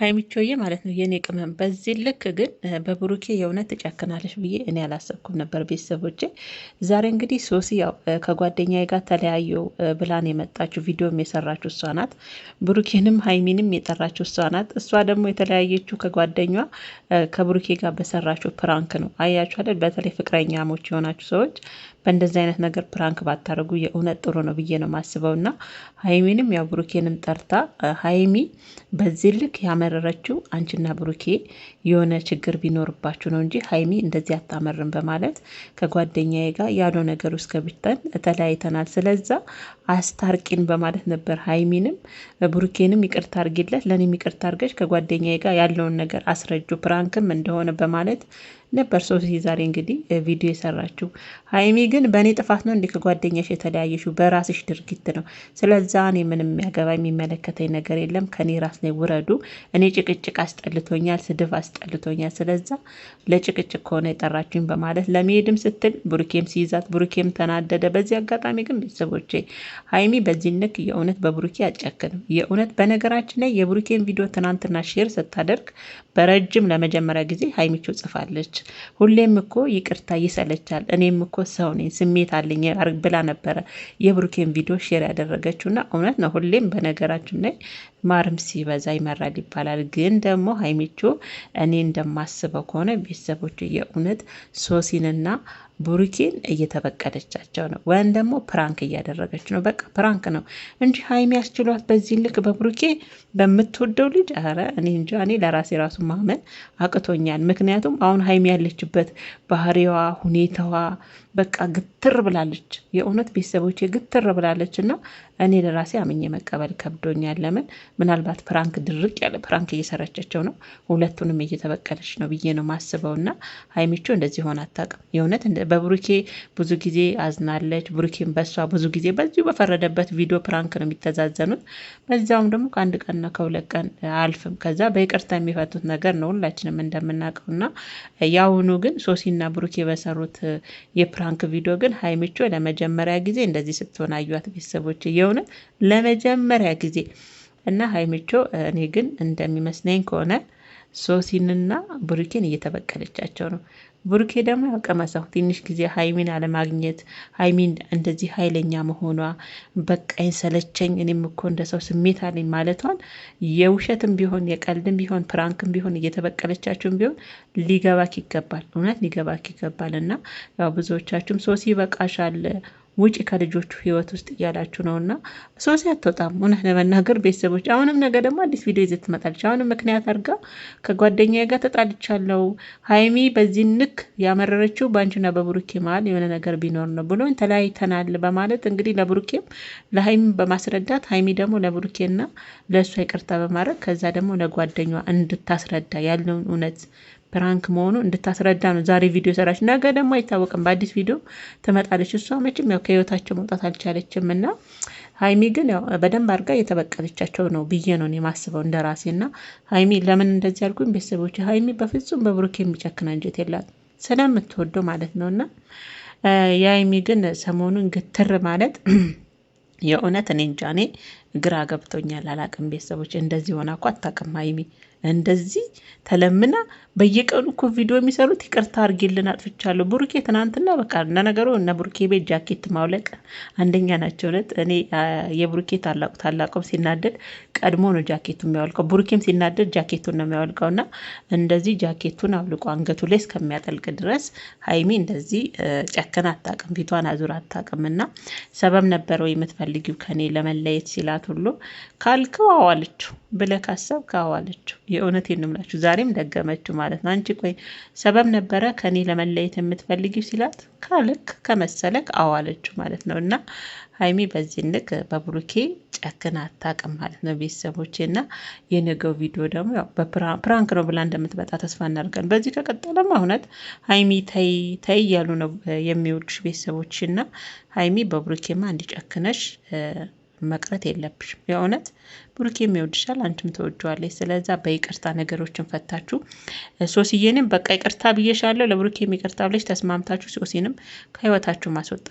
ሀይሚቾዬ ማለት ነው የኔ ቅመም። በዚህ ልክ ግን በብሩኬ የእውነት ትጨክናለች ብዬ እኔ አላሰብኩም ነበር። ቤተሰቦቼ ዛሬ እንግዲህ ሶሲ ያው ከጓደኛዬ ጋር ተለያዩ ብላን የመጣችው ቪዲዮም የሰራችው እሷ ናት። ብሩኬንም ሀይሚንም የጠራችው እሷ ናት። እሷ ደግሞ የተለያየችው ከጓደኛ ከብሩኬ ጋር በሰራችው ፕራንክ ነው። አያችኋለን። በተለይ ፍቅረኛሞች የሆናችሁ ሰዎች በእንደዚህ አይነት ነገር ፕራንክ ባታደርጉ የእውነት ጥሩ ነው ብዬ ነው ማስበው እና ሀይሚንም ያው ብሩኬንም ጠርታ ሀይሚ በዚህ ልክ ያመረረችው አንቺና ብሩኬ የሆነ ችግር ቢኖርባችሁ ነው እንጂ ሀይሚ እንደዚህ አታመርም በማለት ከጓደኛዬ ጋር ያለው ነገር ውስጥ ከብተን ተለያይተናል፣ ስለዛ አስታርቂን በማለት ነበር ሀይሚንም ብሩኬንም ይቅርታ አርጊለት፣ ለእኔም ይቅርታ አርገች ከጓደኛዬ ጋር ያለውን ነገር አስረጁ ፕራንክም እንደሆነ በማለት ነበር ሶሲ ዛሬ እንግዲህ ቪዲዮ የሰራችው። ሀይሚ ግን በእኔ ጥፋት ነው እንዲ ከጓደኛሽ የተለያየሽው በራስሽ ድርጊት ነው። ስለዛ እኔ ምንም የሚያገባ የሚመለከተኝ ነገር የለም። ከኔ ራስ ላይ ውረዱ። እኔ ጭቅጭቅ አስጠልቶኛል፣ ስድብ አስጠልቶኛል። ስለዛ ለጭቅጭቅ ከሆነ የጠራችሁኝ በማለት ለመሄድም ስትል ብሩኬም ሲይዛት ብሩኬም ተናደደ። በዚህ አጋጣሚ ግን ቤተሰቦቼ ሀይሚ በዚህ ንክ የእውነት በብሩኬ አጨክንም የእውነት በነገራችን ላይ የብሩኬን ቪዲዮ ትናንትና ሼር ስታደርግ በረጅም ለመጀመሪያ ጊዜ ሀይሚቸው ጽፋለች። ሁሌም እኮ ይቅርታ ይሰለቻል፣ እኔም እኮ ሰው ነኝ፣ ስሜት አለኝ ብላ ነበረ የብሩኬን ቪዲዮ ሼር ያደረገችው እና እውነት ነው። ሁሌም በነገራችን ላይ ማርም ሲበዛ ይመራል ይባላል። ግን ደግሞ ሀይሚቾ እኔ እንደማስበው ከሆነ ቤተሰቦቹ የእውነት ሶሲንና ቡሩኬን እየተበቀለቻቸው ነው፣ ወይም ደግሞ ፕራንክ እያደረገች ነው። በቃ ፕራንክ ነው እንጂ ሀይሚ ያስችሏት በዚህ ልክ በቡሩኬ በምትወደው ልጅ ኧረ እኔ እንጃ። እኔ ለራሴ ራሱ ማመን አቅቶኛል። ምክንያቱም አሁን ሀይሚ ያለችበት ባህሪዋ፣ ሁኔታዋ በቃ ግትር ብላለች። የእውነት ቤተሰቦቼ ግትር ብላለች እና እኔ ለራሴ አምኜ መቀበል ከብዶኛል። ለምን ምናልባት ፕራንክ ድርቅ ያለ ፕራንክ እየሰራቻቸው ነው። ሁለቱንም እየተበቀለች ነው ብዬ ነው ማስበው። እና ሀይሚቾ እንደዚህ ሆን አታውቅም። የእውነት በብሩኬ ብዙ ጊዜ አዝናለች። ብሩኬን በሷ ብዙ ጊዜ በዚሁ በፈረደበት ቪዲዮ ፕራንክ ነው የሚተዛዘኑት። በዚያውም ደግሞ ከአንድ ነው ከሁለት ቀን አልፍም ከዛ በይቅርታ የሚፈቱት ነገር ነው ሁላችንም እንደምናውቀው እና ያሁኑ ግን ሶሲና ብሩኬ በሰሩት የፕራንክ ቪዲዮ ግን ሀይሚቾ ለመጀመሪያ ጊዜ እንደዚህ ስትሆን አዩት ቤተሰቦች የእውነት ለመጀመሪያ ጊዜ እና ሀይሚቾ እኔ ግን እንደሚመስለኝ ከሆነ ሶሲንና ብሩኬን እየተበቀለቻቸው ነው። ብሩኬ ደግሞ ያቀመሰው ትንሽ ጊዜ ሀይሚን አለማግኘት ሀይሚን እንደዚህ ሀይለኛ መሆኗ በቃኝ ሰለቸኝ፣ እኔም እኮ እንደ ሰው ስሜት አለኝ ማለቷን የውሸትም ቢሆን የቀልድም ቢሆን ፕራንክም ቢሆን እየተበቀለቻችሁም ቢሆን ሊገባክ ይገባል፣ እውነት ሊገባክ ይገባል። እና ያው ብዙዎቻችሁም ሶሲ ይበቃሻል ውጪ ከልጆቹ ህይወት ውስጥ እያላችሁ ነው እና ሶሲ አትወጣም። እውነት ለመናገር ቤተሰቦች፣ አሁንም ነገ ደግሞ አዲስ ቪዲዮ ይዘት ትመጣለች። አሁንም ምክንያት አድርጋ ከጓደኛዬ ጋር ተጣልቻለሁ፣ ሀይሚ በዚህ ንክ ያመረረችው በአንቺና በብሩኬ መሀል የሆነ ነገር ቢኖር ነው ብሎ ተለያይተናል በማለት እንግዲህ ለብሩኬም ለሀይሚ በማስረዳት ሀይሚ ደግሞ ለብሩኬና ለእሷ ይቅርታ በማድረግ ከዛ ደግሞ ለጓደኛ እንድታስረዳ ያለውን እውነት ፕራንክ መሆኑ እንድታስረዳ ነው ዛሬ ቪዲዮ ሰራች። ነገ ደግሞ አይታወቅም፣ በአዲስ ቪዲዮ ትመጣለች። እሷ መቼም ያው ከህይወታቸው መውጣት አልቻለችም እና ሀይሚ ግን ያው በደንብ አድርጋ እየተበቀለቻቸው ነው ብዬ ነው የማስበው እንደ ራሴ እና ሀይሚ ለምን እንደዚህ አልኩኝ ቤተሰቦች፣ ሀይሚ በፍጹም በብሩክ የሚጨክን አንጀት የላት ስለምትወደው ማለት ነው እና የሀይሚ ግን ሰሞኑን ግትር ማለት የእውነት እኔ እንጃ፣ እኔ ግራ ገብቶኛል። አላቅም ቤተሰቦች፣ እንደዚህ ሆና እኮ አታውቅም ሀይሚ እንደዚህ ተለምና በየቀኑ እኮ ቪዲዮ የሚሰሩት ይቅርታ አድርጌልን አጥፍቻለሁ። ቡርኬ ትናንትና በቃ እነ ነገሩ እነ ቡርኬ ቤት ጃኬት ማውለቅ አንደኛ ናቸው። እውነት እኔ የቡርኬ ታላቁ ታላቁም ሲናደድ ቀድሞ ነው ጃኬቱ የሚያወልቀው። ቡርኬም ሲናደድ ጃኬቱን ነው የሚያወልቀው እና እንደዚህ ጃኬቱን አውልቆ አንገቱ ላይ እስከሚያጠልቅ ድረስ ሀይሚ እንደዚህ ጨከን አታቅም፣ ፊቷን አዙር አታቅም። እና ሰበብ ነበረ ወይ የምትፈልጊው ከኔ ለመለየት ሲላት ሁሉ ካልከው አዋለችው ብለህ ካሰብክ አዋለችው የእውነት የንምላችሁ ዛሬም ደገመችው ማለት ነው። አንቺ ቆይ ሰበብ ነበረ ከኔ ለመለየት የምትፈልጊ ሲላት ካልክ ከመሰለክ አዋለችው ማለት ነው። እና ሀይሚ በዚህ ንቅ በብሩኬ ጨክን አታቅም ማለት ነው። ቤተሰቦቼ እና የነገው ቪዲዮ ደግሞ ያው በፕራንክ ነው ብላ እንደምትመጣ ተስፋ እናደርጋለን። በዚህ ከቀጠለም እውነት ሀይሚ ተይ ተይ እያሉ ነው የሚወዱሽ ቤተሰቦች እና ሀይሚ በብሩኬማ እንዲጨክነሽ መቅረት የለብሽም። የእውነት ብሩኬም የሚወድሻል፣ አንቺም ተወጅዋለች። ስለዛ በይቅርታ ነገሮችን ፈታችሁ ሶስዬንም በቃ ይቅርታ ብዬሻለሁ፣ ለብሩኬም የሚቅርታ ብለሽ ተስማምታችሁ ሶሲንም ከህይወታችሁ ማስወጣት